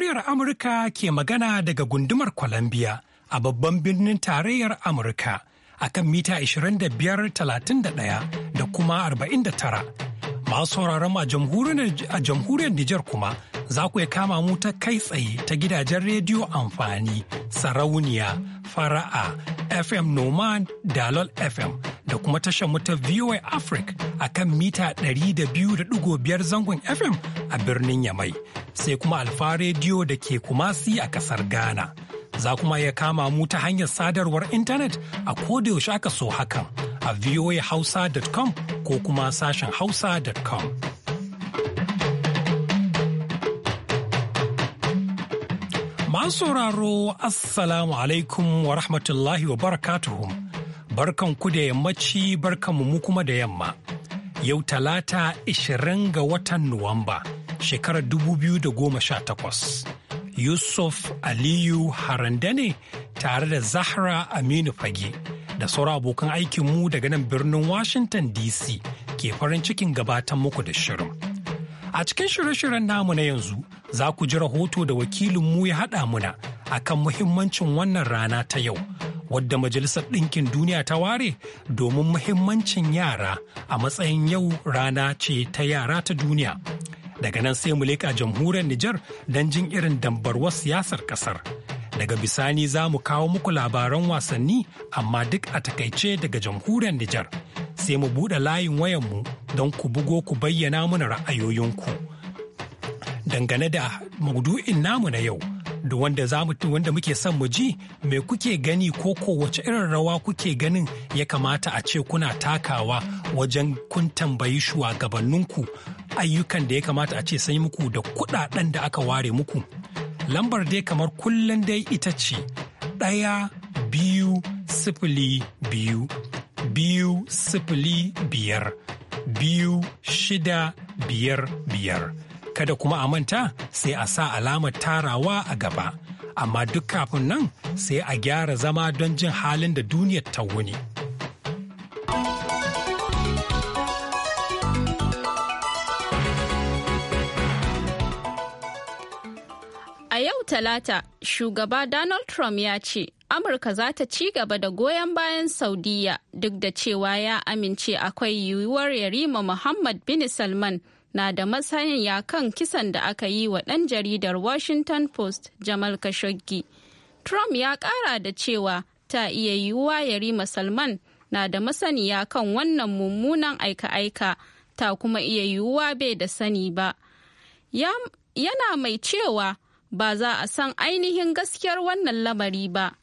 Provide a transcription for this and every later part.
muryar Amurka ke magana daga gundumar Columbia a babban birnin tarayyar Amurka a kan mita 25,31 da kuma 49. Masu sauraron a jamhuriyar Nijar kuma za ku iya kama mu ta kai tsaye ta gidajen rediyo amfani sarauniya fara'a fm noman dalol fm da kuma tashar mu ta voa africa a kan mita 200.5 zangon fm a birnin yamai sai kuma alfa rediyo da ke kumasi a kasar ghana za kuma iya kama mu ta hanyar sadarwar intanet a kodayaushe aka so hakan a voahausa.com ko kuma sashen hausa.com Masu sauraro Assalamu alaikum wa rahmatullahi wa barakatuhu. Barkan ku da yammaci barkan mu kuma da yamma. Yau talata 20 ga watan Nuwamba shekarar dubu biyu da goma sha takwas, Yusuf Aliyu Harandane tare da Zahra Aminu Fage da sauran abokan aikinmu daga nan birnin Washington DC ke farin cikin gabatan muku da shirin. A cikin shirye-shiryen namu na yanzu za ku ji rahoto da wakilin mu ya haɗa muna akan muhimmancin wannan rana ta yau wadda Majalisar Ɗinkin Duniya ta ware domin muhimmancin yara a matsayin yau rana ce ta yara ta duniya. Daga nan sai mu leƙa jamhuriyar Nijar don jin irin dambarwar siyasar ƙasar. Daga bisani za mu kawo muku labaran wasanni amma duk a takaice daga jamhuriyar Nijar. Sai mu buɗe layin wayanmu don ku bugo ku bayyana mana ra'ayoyinku. dangane da maudu'in namu na yau da wanda wanda muke son mu ji me kuke gani ko ko wace irin rawa kuke ganin ya kamata a ce kuna takawa wajen kun tambayi shugabanninku ayyukan da ya kamata a ce sai muku da kudaden da aka ware muku lambar dai kamar kullum dai ita ce ɗaya biyu sifili biyu biyu sifili biyar biyu shida biyar biyar kada kuma a manta sai a sa alamar tarawa a gaba. Amma duk kafin nan sai a gyara zama don jin halin da duniyar ta wuni. A yau Talata, shugaba Donald Trump ya ce, Amurka za ta ci gaba da goyon bayan Saudiya duk da cewa ya amince akwai yiwuwar Yarima Muhammad bin Salman na da masaniya kan kisan da aka yi wa ɗan jaridar Washington Post Jamal Khashoggi. Trump ya ƙara da cewa ta iya yiwuwa Yarima Salman na da masaniya kan wannan mummunan aika-aika ta kuma iya yiwuwa bai da sani ba. Yana mai cewa ba za a san ainihin gaskiyar wannan lamari ba.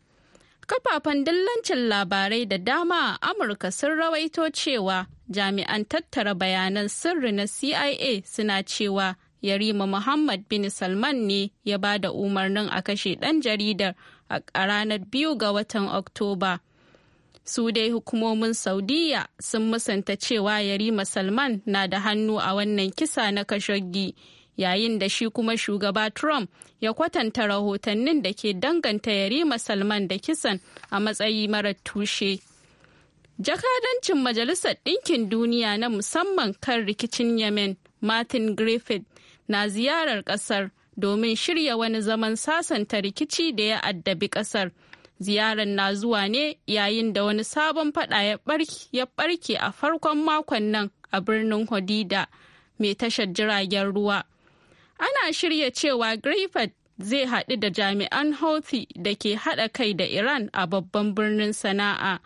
Kafafen dillancin labarai da dama a Amurka sun rawaito cewa jami'an tattara bayanan sirri na CIA suna cewa Yarima Muhammad bin Salman ne ya ba da umarnin a kashe ɗan jaridar a ranar biyu ga watan Oktoba. Su dai hukumomin Saudiya sun musanta cewa Yarima Salman na da hannu a wannan kisa na kashoggi. yayin da shi kuma shugaba Trump ya kwatanta rahotannin da ke danganta Yarima Salman da kisan a matsayi mara tushe. Jakadancin Majalisar Ɗinkin Duniya na musamman kan rikicin Yemen, Martin Griffith, na ziyarar ƙasar domin shirya wani zaman sasanta rikici da ya addabi ƙasar. Ziyarar na zuwa ne yayin da wani sabon fada ya ɓarke a farkon makon nan a birnin Hodida mai tashar jiragen ruwa. ana shirya cewa Griffith zai haɗu da jami'an Houthi da ke haɗa kai da Iran a babban birnin sana'a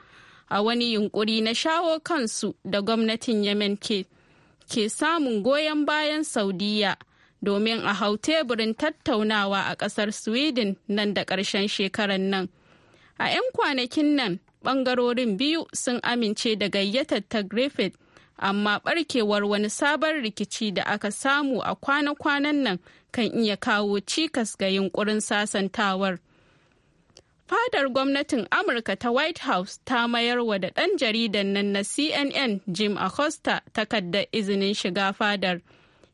a wani yunkuri na shawo kansu da gwamnatin Yemen ke, ke samun goyon bayan Saudiya domin a hau teburin tattaunawa a ƙasar Sweden nan da ƙarshen shekarar nan. A 'yan kwanakin nan, ɓangarorin biyu sun amince da gayyatar ta Griffith amma barkewar wani sabon rikici da aka samu a kwana-kwanan nan kan iya kawo cikas ga yunkurin sasantawar. fadar gwamnatin amurka ta white house ta mayar wa da ɗan jaridan nan na cnn jim acosta takardar izinin shiga fadar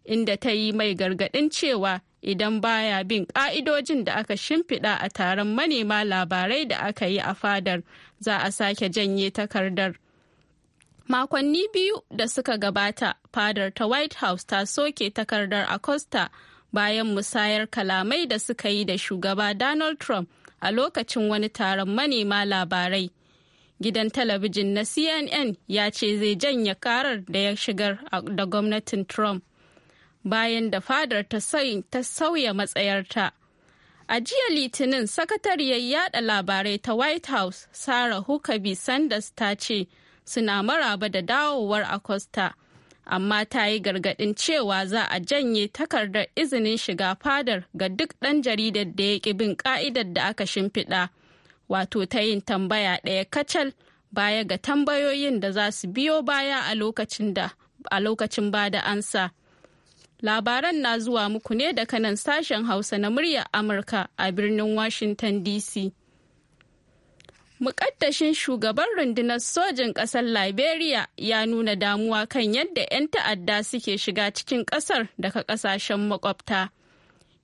inda ta yi mai gargaɗin cewa idan baya bin ƙa'idojin da aka shimfiɗa a taron manema labarai da aka yi a fadar za a sake janye takardar makonni biyu da suka gabata fadar ta white house ta soke takardar acosta bayan musayar kalamai da suka yi da shugaba donald trump a lokacin wani taron manema labarai gidan talabijin na cnn ya ce zai janya karar da ya shigar da gwamnatin trump bayan da fadar ta sauya matsayarta a jiya litinin sakatariyar yada labarai ta white house sarah huckabee sanders ta ce suna maraba da dawowar Acosta. Amma ta yi gargaɗin cewa za a janye takardar izinin shiga fadar ga duk ɗan jaridar da ya ƙi bin ƙa'idar da aka shimfiɗa, wato ta yin tambaya ɗaya kacal baya ga tambayoyin da za su biyo baya a lokacin ba da ansa. Labaran na zuwa muku ne da kanan sashen Hausa na muryar Amurka a birnin Washington DC. mukaddashin shugaban rundunar sojin ƙasar liberia ya nuna damuwa kan yadda 'yan ta'adda suke shiga cikin ƙasar daga ƙasashen makwabta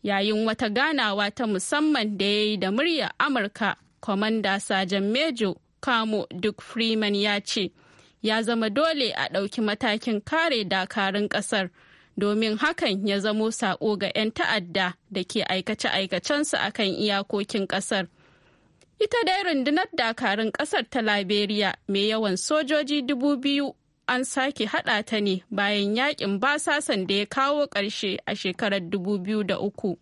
yayin wata ganawa ta musamman da ya yi da murya amurka kwamanda sajan mejo kamo duk freeman ya ce ya zama dole a ɗauki matakin kare dakarun ƙasar domin hakan ya zamo saƙo ga 'yan ta'adda da ke aikace-aikacensu akan iyakokin ƙasar. ita dai rundunar dakarun kasar ta liberia mai yawan sojoji dubu biyu an sake hada ta ne bayan yakin basasan da ya kawo karshe a shekarar da uku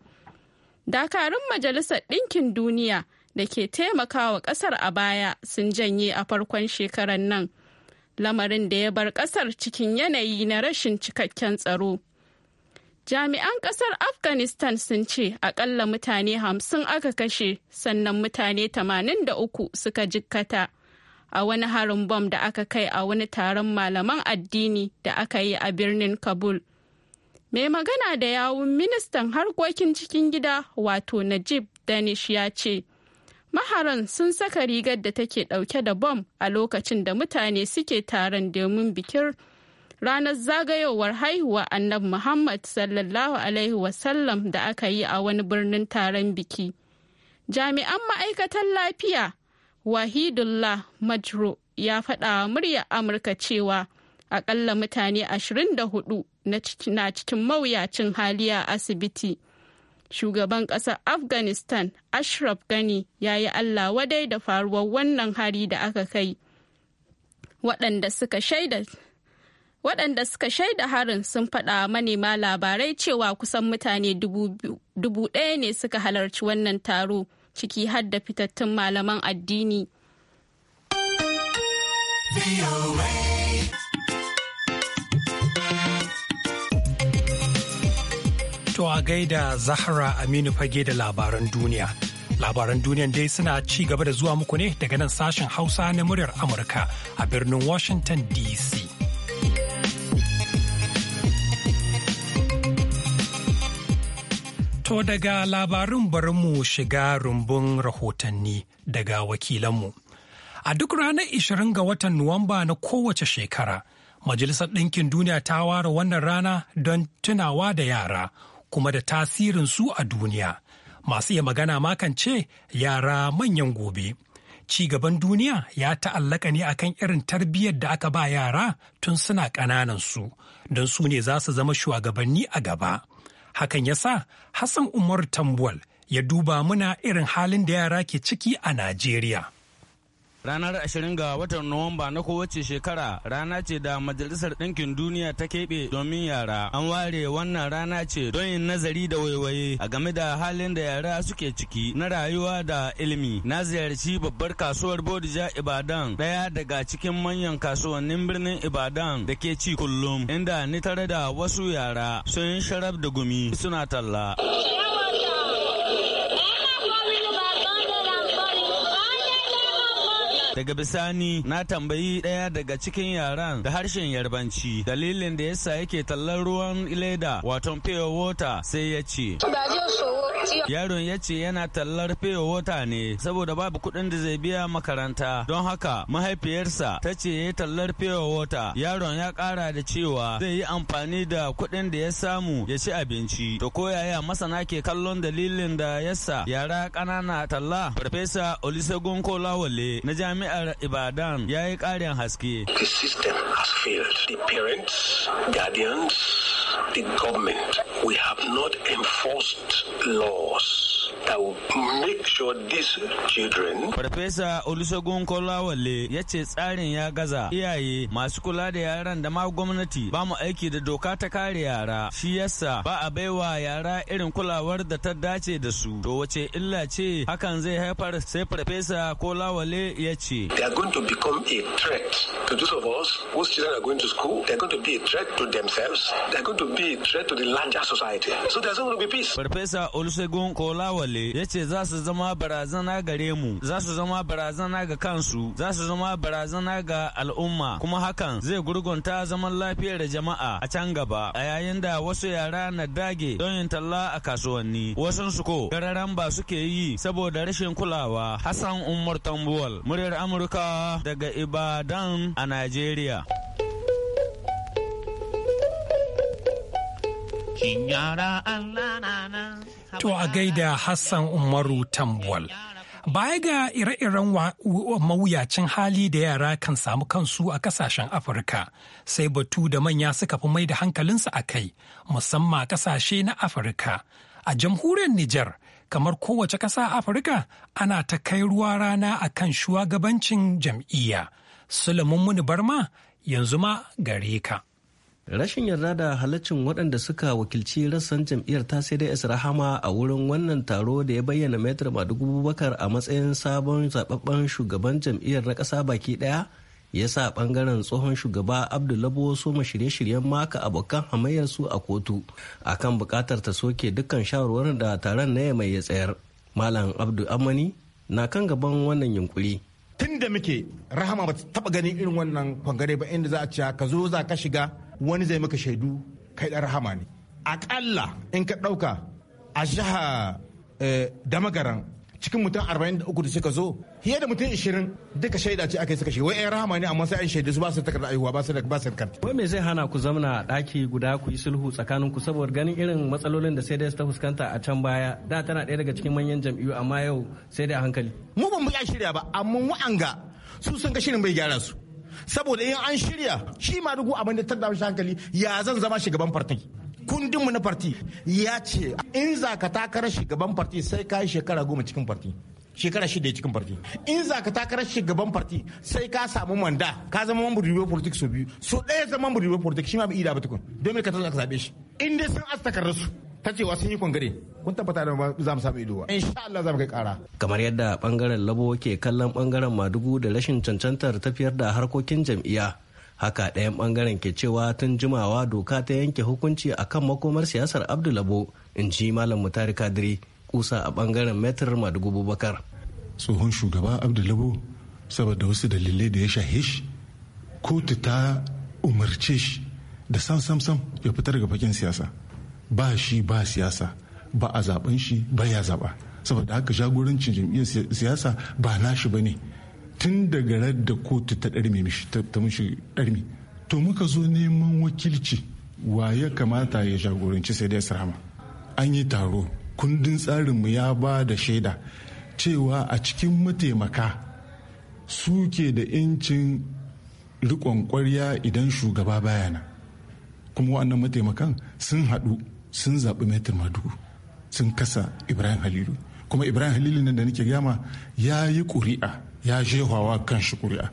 dakarun majalisar ɗinkin duniya da ke taimakawa kasar a baya sun janye a farkon shekarar nan lamarin da ya bar kasar cikin yanayi na rashin cikakken tsaro Jami'an ƙasar Afghanistan sun ce akalla mutane hamsin aka kashe sannan mutane tamanin da uku suka jikkata a wani harin bom da aka kai a wani taron malaman addini da aka yi a birnin Kabul. Mai magana da yawun ministan harkokin cikin gida wato Najib Danish ya ce, Maharan sun saka rigar da take ɗauke da bom a lokacin da mutane suke taron domin bikin ranar zagayowar haihuwa annabi Muhammad sallallahu Alaihi wasallam da aka yi a wani birnin taron biki. Jami'an ma'aikatan lafiya Wahidullah Majro ya faɗa wa muryar Amurka cewa akalla mutane 24 na cikin mawuyacin hali a asibiti. Shugaban ƙasar Afghanistan Ashraf Gani ya yi Allah wadai da faruwar wannan hari da aka kai. Waɗanda suka shaida waɗanda suka shaida harin sun faɗa manema labarai cewa kusan mutane dubu ɗaya ne suka halarci wannan taro ciki har da fitattun malaman addini. To a gaida Zahra Aminu fage da labaran duniya. Labaran duniyan dai suna ci gaba da zuwa muku ne daga nan sashen Hausa na muryar Amurka a birnin Washington DC. To daga labarin bari mu shiga rumbun rahotanni daga wakilanmu. A duk ranar 20 ga watan Nuwamba na kowace shekara, Majalisar Ɗinkin Duniya ta ware wannan rana don tunawa da yara kuma da tasirin su a duniya. Masu iya magana makan ce yara manyan gobe. Ci gaban duniya ya ta'allaka ne akan irin tarbiyyar da aka ba yara tun suna ƙananan su, don su ne za su zama shugabanni a gaba. Hakan ya sa Hassan Umar Tambuwal ya duba muna irin halin da yara ke ciki a Najeriya. Ranar 20 ga watan Nuwamba na kowace shekara rana ce da Majalisar Ɗinkin Duniya ta keɓe domin yara. An ware wannan rana ce don yin nazari da waiwaye a game da halin da yara suke ciki na rayuwa da ilimi. Na ziyarci babbar kasuwar Bodija Ibadan ɗaya daga cikin manyan kasuwannin birnin Ibadan da ke ci kullum inda ni tare da wasu yara sun sharab da gumi suna talla. Daga bisani na tambayi ɗaya daga cikin yaran da harshen yarbanci dalilin da yasa yake tallar ruwan leda wato pure water sai ya ce. Yaron ya ce yana tallar pure water ne saboda babu kuɗin da zai biya makaranta don haka mahaifiyarsa ta ce ya tallar pure water yaron ya ƙara da cewa zai yi amfani da kuɗin da ya samu ya ci abinci. To koyaya masana ke kallon dalilin da yasa yara ƙanana talla Farfesa Olusegun Kolawale, na jami'a jami'ar Ibadan ya yi ƙarin haske. The system has failed. The parents, guardians, the government, we have not enforced laws. I will make sure these children. Farfesa Olusegun Kolawale ya ce tsarin ya gaza iyaye masu kula da yaran da ma gwamnati ba mu aiki da doka ta kare yara shi yasa ba a baiwa yara irin kulawar da ta dace da su to wace illa ce hakan zai haifar sai farfesa Kolawale ya ce. They are going to become a threat to those of us whose children are going to school. They are going to be a threat to themselves. They are going to be a threat to the larger society. So there's going to be peace. Farfesa Olusegun Kolawale Baballe ya ce za su zama barazana gare mu, za su zama barazana ga kansu, za su zama barazana ga al'umma kuma hakan zai gurgunta zaman lafiyar jama'a a can gaba a yayin da wasu yara na dage don yin talla a kasuwanni. Wasu su ko gararan ba suke yi saboda rashin kulawa. Hassan Umar Tambuwal, muryar Amurka daga Ibadan a Najeriya. Shin yara Allah To a gaida Hassan Umaru Tambwal. Baya ga ire-iren mawuyacin hali da yara kan samu kansu a kasashen Afirka, sai batu da manya suka fi mai da hankalinsu a kai, musamman kasashe na Afirka. A jamhuriyar Nijar, kamar kowace ƙasa Afirka, ana ta kai ruwa rana a kan shugabancin jam'iyya. Sulaimun Muni Barma yanzu ma gare ka. rashin yarda da halaccin waɗanda suka wakilci rassan jam'iyyar ta sai dai rahama a wurin wannan taro da ya bayyana metar madugu bakar a matsayin sabon zababben shugaban jam'iyyar na ƙasa baki ɗaya ya sa ɓangaren tsohon shugaba abdullabo ma shirye-shiryen maka abokan hamayyar su a kotu akan buƙatar ta soke dukkan shawarwarin da taron na mai ya tsayar malam abdu amani na kan gaban wannan yunkuri tun da muke rahama ba taɓa ganin irin wannan kwangare ba inda za a ce ka zo za ka shiga wani zai maka shaidu kai dan rahama ne aƙalla in ka ɗauka a jiha eh, damagaran cikin mutum 43 da suka zo fiye da mutum 20 duka shaida ce aka yi suka shi wai 'yan rahama ne amma sai an shaidu su ba su takardar aihuwa ba su da ba su wai me zai hana ku zamna daki guda ku yi sulhu tsakanin ku saboda ganin irin matsalolin da sai dai ta fuskanta a can baya da tana ɗaya daga cikin manyan jam'iyyu amma yau sai dai a hankali. mu ban mu ya shirya ba amma wa'anga su sun ga shirin bai gyara su saboda in an shirya shi ma duk abin da tattara shi hankali ya zan zama shugaban farti kundinmu na farti ya ce in za ka takara shugaban farti sai ka yi shekara goma cikin farti shekara shida ya cikin farti in za ka takarar shugaban farti sai ka samu manda ka zama mambar ribe politik so biyu so ɗaya zama mambar ribe politik shi ma bai ida ba tukun don me ka tana ka zaɓe shi in dai sun asta su ta ce wasu yi kwangare kun tabbata da za mu samu ido wa. insha Allah za mu kai kara kamar yadda bangaren labo ke kallon bangaren madugu da rashin cancantar tafiyar da harkokin jam'iyya haka ɗayan bangaren ke cewa tun jimawa doka ta yanke hukunci akan makomar siyasar labo in ji malam mutari kadiri kusa a bangaren metar madugu bubakar tsohon shugaba labo saboda wasu dalilai da ya shahe shi kotu ta umarce shi da sam sam sam ya fitar ga bakin siyasa ba shi ba siyasa ba a zaben shi ba ya zaba saboda haka jagorancin jam'iyyar siyasa ba nashi ba ne tun daga da kotu ta ɗarmi mishi ta mishi ɗarmi to muka zo neman wakilci wa ya kamata ya jagoranci sai dai sarama an yi taro kundin tsarinmu ya ba da shaida cewa a cikin mataimaka suke da 'yancin riƙon ƙwarya idan shugaba bayana kuma wannan mataimakan sun haɗu sun zaɓi metin madugu sun kasa ibrahim halilu kuma ibrahim halilu nan da nake gama ya yi ƙuri'a ya jehawa kan shi ƙuri'a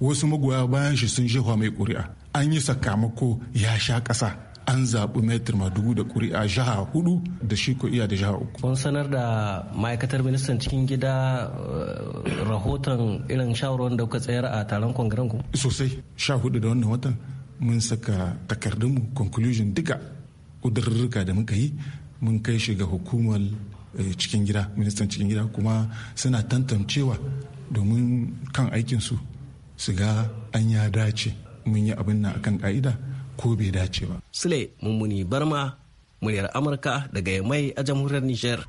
wasu magoya bayan shi sun jehawa mai ƙuri'a an yi sakamako ya sha ƙasa an zaɓi metin madugu da ƙuri'a jiha hudu da shi ko iya da jiha uku. Kun sanar da ma'aikatar ministan cikin gida eh, rahoton irin shawarwar da kuka tsayar a taron kongaren ku? Sosai sha hudu da wannan watan mun saka takardunmu conclusion duka ƙudurruka da muka yi mun kai shi ga hukumar eh, cikin gida ministan cikin gida kuma suna tantancewa domin kan aikinsu su ga an ya dace mun yi abin na akan ka'ida ko bai dace ba. Sule Mummuni Barma, muryar Amurka daga Yamai a jamhuriyar Nijar.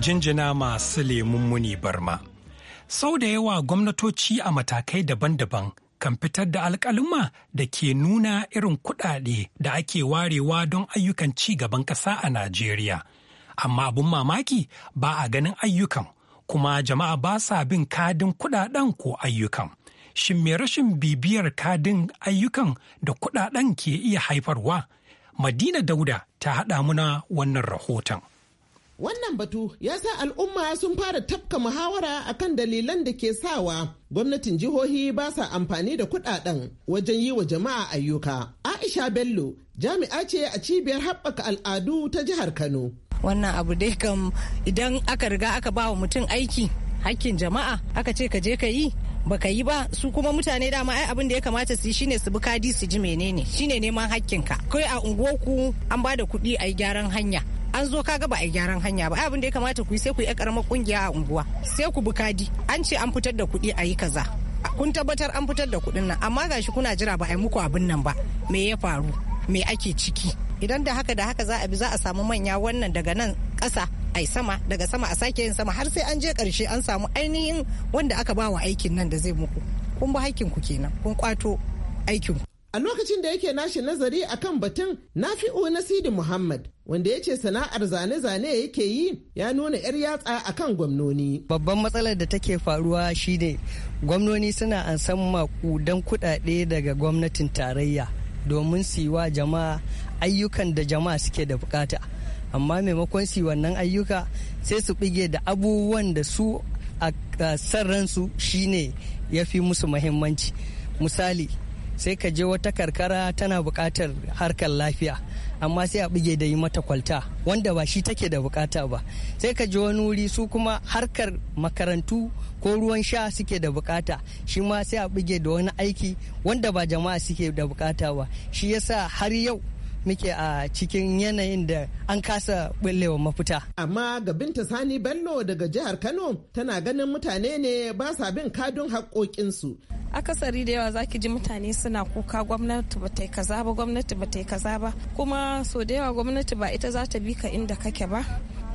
jinjina masu lemun muni barma. Sau da yawa gwamnatoci a matakai daban-daban kan fitar da alkaluma da ke nuna irin kuɗaɗe da ake warewa don ayyukan ci gaban ƙasa a Najeriya. Amma abin mamaki ba a ganin ayyukan, kuma jama'a ba sa bin kadin kuɗaɗen ko ayyukan. Shin me rashin bibiyar kadin ayyukan da kuɗaɗen ke iya haifarwa? Madina Dauda ta haɗa muna wannan rahoton. Wannan batu ya sa al'umma sun fara tafka muhawara a kan dalilan da ke sawa gwamnatin jihohi ba sa amfani da kudaden wajen yi wa jama'a ayyuka. Aisha Bello jami'a ce a cibiyar haɓaka al'adu ta jihar Kano. Wannan abu dai kam idan aka riga aka ba wa mutum aiki hakkin jama'a aka ce ka je ka yi baka yi ba su kuma mutane dama ai abin da ya kamata su yi shine su bi kadi su ji menene shine neman hakkin ka kai a unguwarku an bada kuɗi a gyaran hanya an zo kaga ba a gyaran hanya ba ai abin da ya kamata ku yi sai ku yi karamar kungiya a unguwa sai ku bi kadi an ce an fitar da kuɗi a yi kaza kun tabbatar an fitar da kuɗin nan amma gashi kuna jira ba a muku abin nan ba me ya faru me ake ciki idan da haka da haka za a bi za a samu manya wannan daga nan ƙasa ai sama daga sama a sake yin sama har sai an je karshe an samu ainihin wanda aka bawa aikin nan da zai muku kun ba haƙƙinku kenan kun kwato aikin a lokacin da yake nashi nazari akan batun nafi'u nasidi muhammad wanda ya ce sana'ar zane-zane yake yi ya nuna 'yar yatsa akan gwamnoni. Babban matsalar da take faruwa shine gwamnoni suna an san makudan kudade daga gwamnatin tarayya domin siwa jama'a ayyukan da jama'a suke da bukata. amma maimakon shi wannan ayyuka sai su bige da abubuwan da su a sarransu ransu shine ya fi musu mahimmanci misali sai ka je wata karkara tana bukatar harkar lafiya amma sai a bige da yi mata kwalta wanda ba shi take da bukata ba sai ka je wani wuri su kuma harkar makarantu ko ruwan sha suke da bukata shi ma sai a bige da wani aiki wanda ba jama'a suke da bukata ba shi yasa har yau muke a cikin yanayin da an kasa bullewa mafuta Amma ga Binta Sani Bello daga jihar Kano tana ganin mutane ne ba sa bin kadun haƙoƙinsu. Akasari da yawa zaki ji mutane suna kuka gwamnati ba ta yi kaza ba gwamnati ba ta yi kaza ba kuma so da yawa gwamnati ba ita za ta bi ka inda kake ba.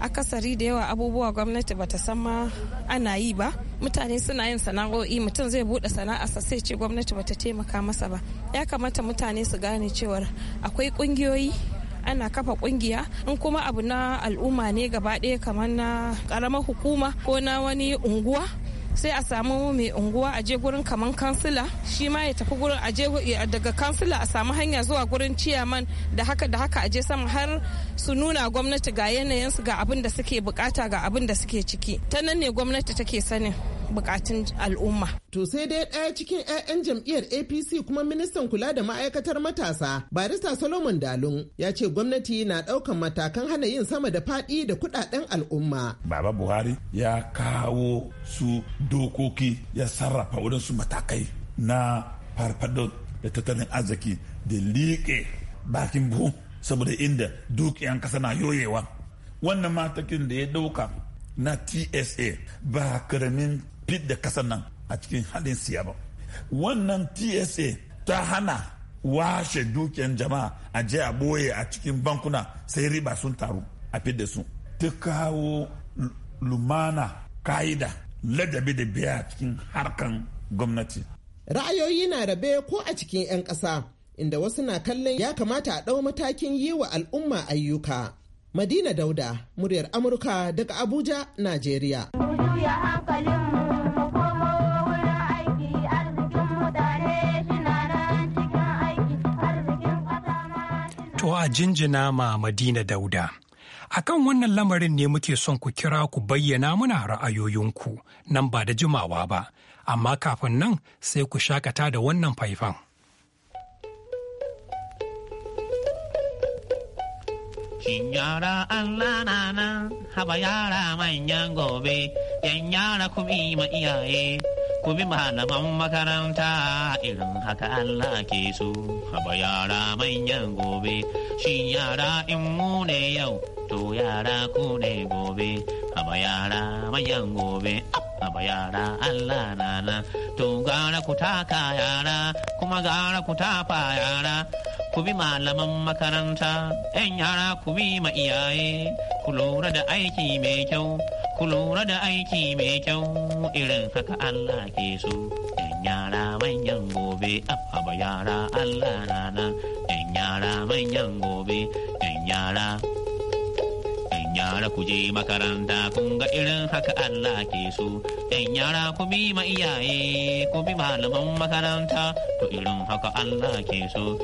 akasari da yawa abubuwa gwamnati bata san ma ana yi ba mutane suna yin sana'o'i mutum zai bude sana'arsa sai ce gwamnati bata taimaka masa ba ya kamata mutane su gane cewar akwai kungiyoyi ana kafa kungiya in kuma abu na al'umma ne gaba ɗaya kamar na karamar hukuma ko na wani unguwa sai a samu mai unguwa a je gurin kaman kansila shi ma ya tafi gurin a je daga kansila a samu hanya zuwa gurin ciyaman da haka da haka a je sama har su nuna gwamnati ga yanayinsu ga abin da suke bukata ga abin da suke ciki ta nan ne gwamnati take sanin bukatun al'umma. To sai dai ɗaya cikin 'ya'yan jam'iyyar APC kuma ministan kula da ma'aikatar matasa barista Solomon Dalun ya ce gwamnati na ɗaukan matakan hana yin sama da faɗi da kuɗaɗen al'umma. Baba Buhari ya kawo su dokoki ya sarrafa wadansu matakai na farfado da tattalin arziki da liƙe bakin buhu saboda inda dukiyan kasa na yoyewa. Wannan matakin da ya ɗauka na TSA ba karamin fidda kasan nan a cikin halin siya ba wannan tsa ta hana washe dukiyan jama'a a je a boye a cikin bankuna sai riba sun taru a fidda su ta kawo lumana ka'ida ladabi da biya a cikin harkan gwamnati ra'ayoyi na rabe ko a cikin 'yan ƙasa inda wasu na kallon ya kamata a ɗau matakin yi wa al'umma ayyuka. Madina Dauda, muryar Amurka daga Abuja, Najeriya. To a jinjina ma Madina Dauda. A kan wannan lamarin ne muke son ku kira ku bayyana muna ra'ayoyinku nan ba da jimawa ba, amma kafin nan sai ku shakata da wannan faifan. Shinyara yara Allah na yanyara haba manyan gobe, yan yara ma iyaye, ku bi makaranta irin haka Allah ke so. Haba yara manyan shin yara in mu ne yau, to yara ku ne gobe, Habayara to gara ku taka yara, kuma gara ku tafa yara. ku bi malaman makaranta, ‘yan yara ku bi ma iyaye, ku lura da aiki mai kyau, ku lura da aiki mai kyau, irin haka Allah ke so. ‘Yan yara manyan gobe, abba yara Allah rana, ‘yan yara manyan gobe, ‘yan yara. ‘Yan yara ku je makaranta, kun ga irin haka Allah ke so. ‘Yan yara ku bi ma iyaye, ku bi malaman makaranta, to irin haka Allah ke so.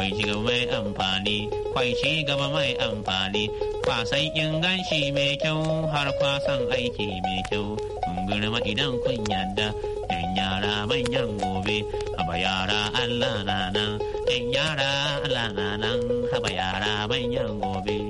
kwai ci gaba mai amfani kwai ci gaba mai amfani kwasan inganci mai kyau har kwasan aiki mai kyau kun girma idan kun yadda yan yara manyan gobe haba yara Allah na nan yan yara Allah na nan haba yara manyan gobe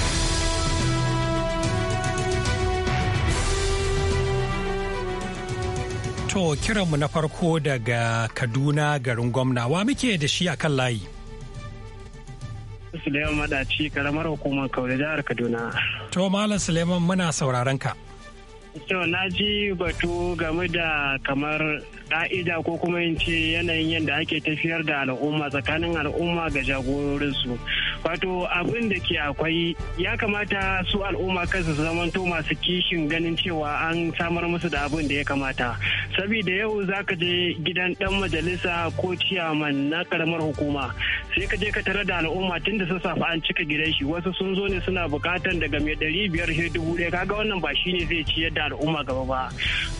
To kiranmu na farko daga Kaduna garin gwamna wa muke da shi a kan layi. Suleiman Madaci karamar hukumar Kaure jihar Kaduna. To Malam Suleiman muna sauraron ka. To na ji batu game da kamar ƙa'ida ko kuma in ce yanayin yadda ake tafiyar da al'umma tsakanin al'umma ga jagororinsu wato abin da ke akwai ya kamata su al'umma kansu su zamanto masu kishin ganin cewa an samar musu da abin da ya kamata saboda yau za ka je gidan dan majalisa ko ciyaman na karamar hukuma sai ka je ka tare da al'umma tun da sassafe an cika gidan shi wasu sun zo ne suna bukatan daga mai ɗari biyar sai dubu ɗaya kaga wannan ba shi shine zai ciyar da al'umma gaba ba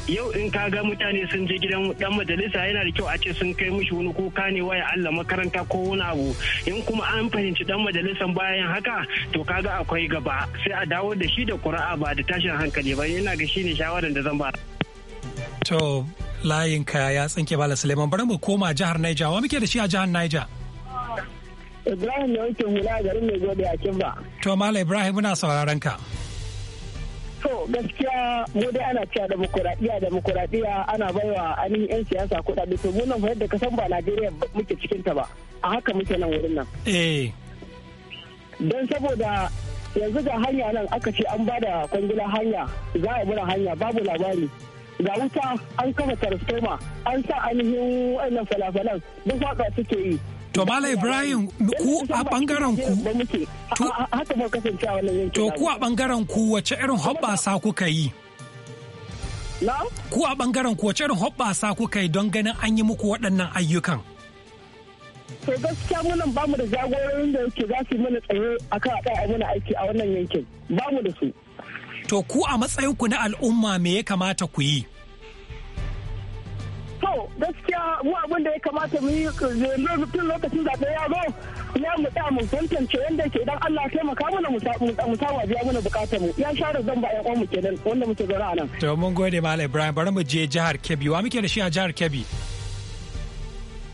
yau in ka ga mutane sun je gidan dan majalisa yana da kyau a ce sun kai mishi wani kuka ne waya Allah makaranta ko wani abu in kuma an fahimci dan majalisar bayan haka to kaga akwai gaba sai a dawo da shi da kuri'a ba da tashin hankali ba yana ga shine shawarar da zan ba. To layin ka ya tsinke bala Suleiman bari mu koma jihar Niger wa muke da shi a jihar Niger. Ibrahim ya hula garin mai gode a Kimba. To Mala Ibrahim muna sauraron ka. To gaskiya mu dai ana cewa da mukuraɗiya ana baiwa ainihin 'yan siyasa kuɗaɗe to mu nan fa yadda ka san ba Najeriya muke cikin ta ba a haka muke nan wurin nan. Eh. don saboda yanzu ga hanya nan aka ce an ba da kwangila hanya za a bura hanya babu labari ga wuta an kafa transformer an sa ainihin wannan falafalan duk haka suke yi To Mala Ibrahim ku a bangaren ku To ku a bangaren ku wace irin hoɓɓasa kuka yi? Ku a bangaren ku wace irin hoɓɓasa kuka yi don ganin an yi muku waɗannan ayyukan? to gaskiya munan ba mu da jagororin da yake za su mana tsaye akan a mana aiki a wannan yankin ba mu da su to ku a matsayin ku na al'umma me ya kamata ku yi to gaskiya mu abin da ya kamata mu yi tun lokacin zaɓe ya zo ya mu da mu tantance yadda ke idan Allah taimaka mana mu sawa biya mana bukatar mu ya share zan ba ƴan uwan mu kenan wanda muke zaune a nan to mun gode malam Ibrahim bari mu je jihar Kebbi wa muke da shi a jihar Kebbi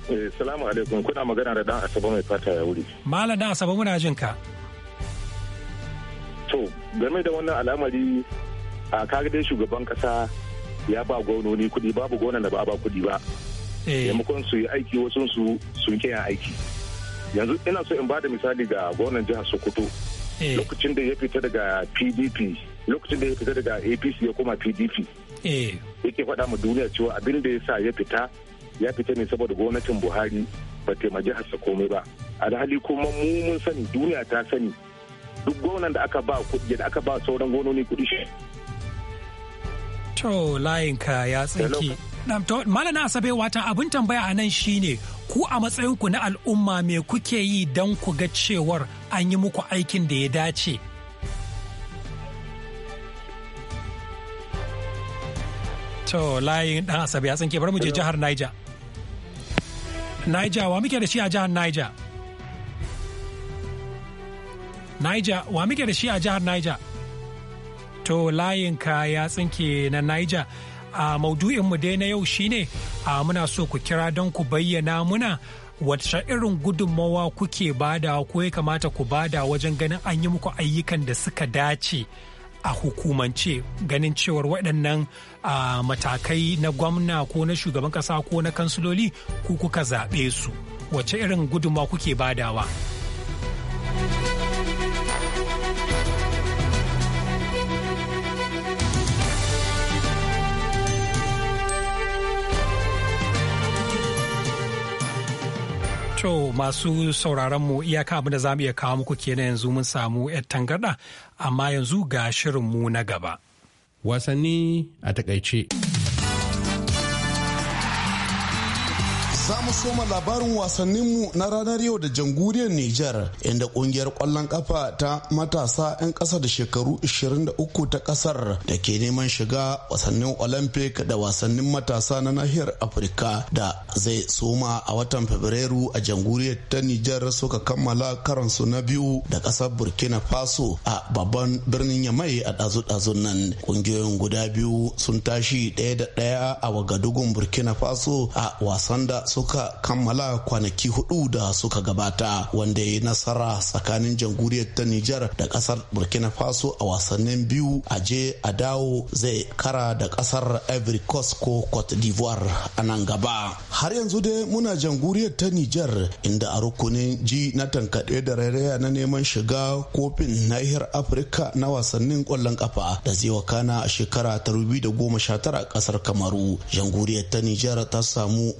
Eh, salamu alaikum kuna magana da dan Asabe mai fata ya wuri. Malam dan Asabe muna jin ka. To game da wannan al'amari a kaga dai shugaban kasa ya ba gwamnoni kuɗi babu gonan da ba ba kuɗi ba. Eh. Maimakon su yi aiki wasu su sun kiyan aiki. Yanzu ina so in ba da misali ga gwamnan jihar Sokoto. Eh. Lokacin da ya fita daga PDP lokacin da ya fita daga APC ya koma PDP. Yake faɗa ma duniya cewa abin da ya sa ya fita ya fita ne saboda gwamnatin buhari ba taimaki jihar komai ba alhali kuma mu mun sani duniya ta sani duk gwamnan da aka ba kudi da aka ba sauran gononi kudi shi to layin ka ya tsinki malana asabe watan abin tambaya a nan shine ku a matsayinku na al'umma me kuke yi don ku ga cewar an yi muku aikin da ya dace to layin dan asabe ya tsinke bari mu je jihar niger Niger wa muke da shi a jihar Niger? Niger wa muke da shi a jihar Niger? To layinka ya tsinke na Niger. A maudu'inmu dai na yau shine a muna so ku kira don ku bayyana muna wata irin gudunmawa kuke bada ko ya kamata ku bada wajen ganin an yi muku ayyukan da suka dace. a hukumance ganin cewar waɗannan matakai na gwamna ko na shugaban ƙasa ko na kansuloli ku kuka zaɓe su wace irin gudunmawa kuke badawa. To masu sauraron mu iyaka abin da za mu iya kawo muku kenan yanzu mun samu 'yar tangarda amma yanzu ga shirin mu na gaba. Wasanni a takaice. Za mu soma labarin wasanninmu na ranar yau da jamhuriyar Nijar inda kungiyar kwallon kafa ta matasa 'yan ƙasa da shekaru 23 ta ƙasar da ke neman shiga wasannin Olympic da wasannin matasa na nahiyar Afirka da zai soma a watan Fabrairu a jamhuriyar ta Nijar suka kammala karansu na biyu da ƙasar Burkina Faso a babban birnin Yamai a dazu dazun nan. Kungiyoyin guda biyu sun tashi ɗaya da ɗaya a Wagadugun Burkina Faso a wasan da suka kammala kwanaki hudu da suka gabata wanda ya yi nasara tsakanin jamhuriyar ta Nijar da kasar Burkina Faso a wasannin biyu a je a dawo zai kara da kasar Ivory Coast ko Cote d'Ivoire a nan gaba. Har yanzu dai muna jamhuriyar ta Nijar inda a rukunin ji na tankaɗe da rairaya na neman shiga kofin nahiyar Afirka na wasannin kwallon kafa da zai wakana a shekara ta 2019 a kasar Kamaru. Jamhuriyar ta Nijar ta samu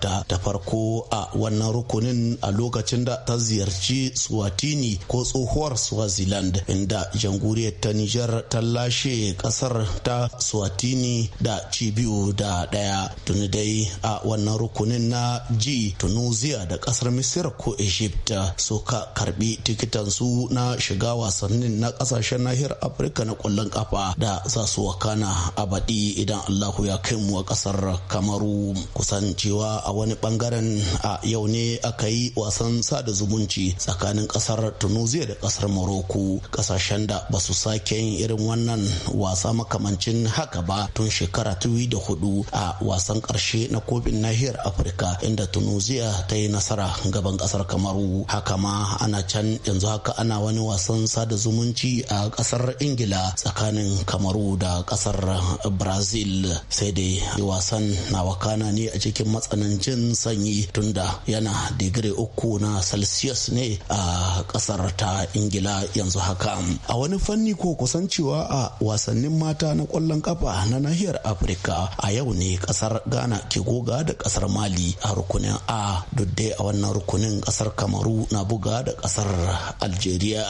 ta. ta farko a wannan rukunin a lokacin da ta ziyarci Swatini ko tsohuwar Swaziland inda jamhuriyar ta Nijar ta lashe kasar ta Swatini da cibiyu da daya tuni dai a wannan rukunin na G Tunisia da kasar Misir ko Egypt suka karbi tikitansu na shiga wasannin na kasashen nahiyar Afirka na kwallon kafa da za su wakana a baɗi idan Allahu ya kai mu a kasar Kamaru kusancewa a wani bangaren a yau ne aka yi wasan sada zumunci tsakanin kasar tunisia da kasar morocco kasashen da ba su sake yin irin wannan wasa makamancin haka ba tun shekara da hudu a wasan karshe na kofin nahiyar afirka inda tunisia ta yi nasara gaban kasar kamaru haka ma ana can yanzu haka ana wani wasan sada zumunci a kasar ingila tsakanin kamaru da kasar brazil sai dai wasan na wakana ne a cikin matsanancin lokacin sanyi tunda yana digiri uku na celsius ne a kasar ta ingila yanzu haka a wani fanni ko kusancewa a wasannin mata na kwallon kafa na nahiyar afirka a yau ne kasar ghana ke goga da kasar mali a rukunin a dai a wannan rukunin kasar kamaru na buga da kasar algeria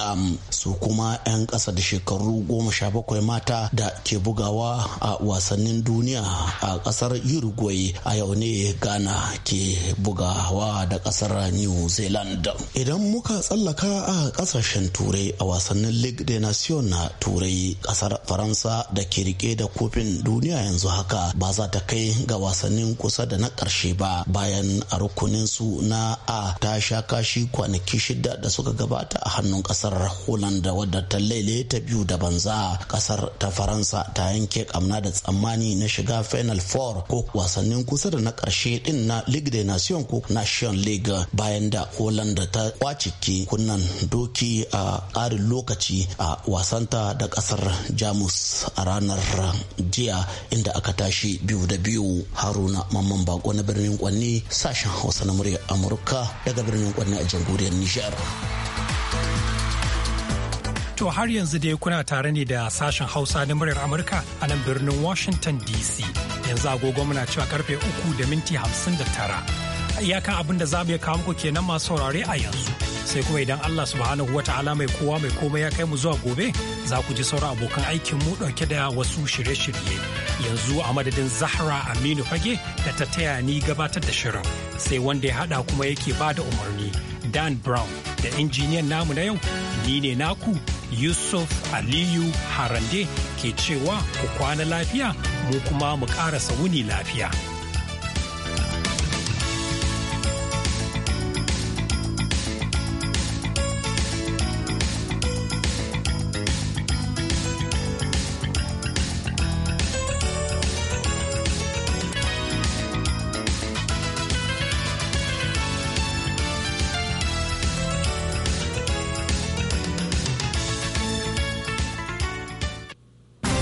su kuma 'yan kasa da shekaru goma sha bakwai mata da ke bugawa a wasannin duniya a kasar uruguay a yau ne ghana ke bugawa da kasar new zealand idan muka tsallaka a kasashen turai a wasannin league de nation na turai kasar faransa da ke rike da kofin duniya yanzu haka ba za ta kai ga wasannin kusa da na karshe ba bayan a rukunin su na a ta sha kashi kwanaki shida da suka gabata a hannun kasar holland wadda ta laile ta biyu da banza kasar ta faransa ta yanke kamna da tsammani na shiga final four ko wasannin kusa da na karshe din na na League de Nation ko Nation League bayan da Holland ta kwace ke kunnan doki a ƙarin lokaci a wasanta da ƙasar Jamus a ranar jiya inda aka tashi biyu da biyu Haruna Mamman Bako na birnin Kwanni sashen Hausa na murya Amurka daga birnin Kwanni a jamhuriyar Nijar. To har yanzu dai kuna tare ne da sashen Hausa na muryar Amurka a nan birnin Washington DC. Yanzu agogo muna cewa karfe uku da minti hamsin da tara. Iyakan abin da za mu kawo muku kenan masu saurare a yanzu. Sai kuma idan Allah subhanahu wa ta'ala mai kowa mai komai ya kai mu zuwa gobe za ku ji sauran abokan aikin mu dauke da wasu shirye-shirye. Yanzu a madadin Zahra Aminu Fage da ta taya ni gabatar da shirin. Sai wanda ya haɗa kuma yake ba da umarni Dan Brown da injiniyan namu na yau ni ne naku Yusuf Aliyu Harande ke cewa ku kwana lafiya mu kuma mu ƙarasa wuni lafiya.